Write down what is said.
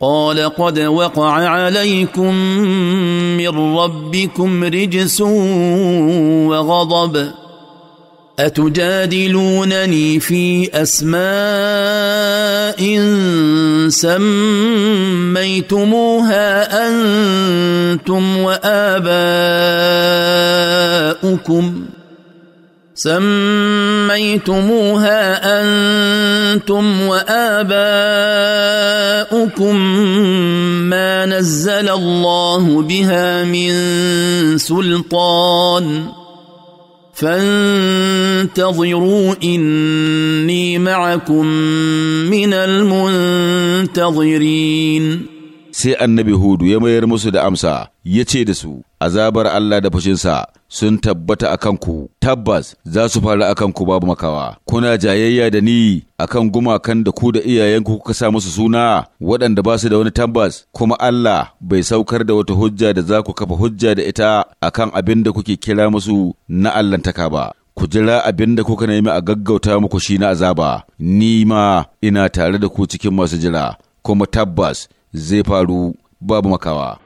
قال قد وقع عليكم من ربكم رجس وغضب اتجادلونني في اسماء سميتموها انتم واباؤكم سميتموها انتم واباؤكم آباؤكم ما نزل الله بها من سلطان فانتظروا إني معكم من المنتظرين سي النبي هود يمير مسد أمسا يتشيدسو أزابر الله دفشنسا sun tabbata a kanku, tabbas za su faru a kanku babu makawa. Kuna jayayya da ni a kan gumakan da ku da iyayenku kuka sa musu suna waɗanda ba su da wani tabbas, kuma Allah bai saukar da wata hujja da za ku kafa hujja da ita a kan abin da kuke kira musu na Allahntaka ba. Ku jira abin da kuka nemi a gaggauta muku shi na azaba, ni ma ina tare da ku cikin masu jira, kuma tabbas zai faru babu makawa.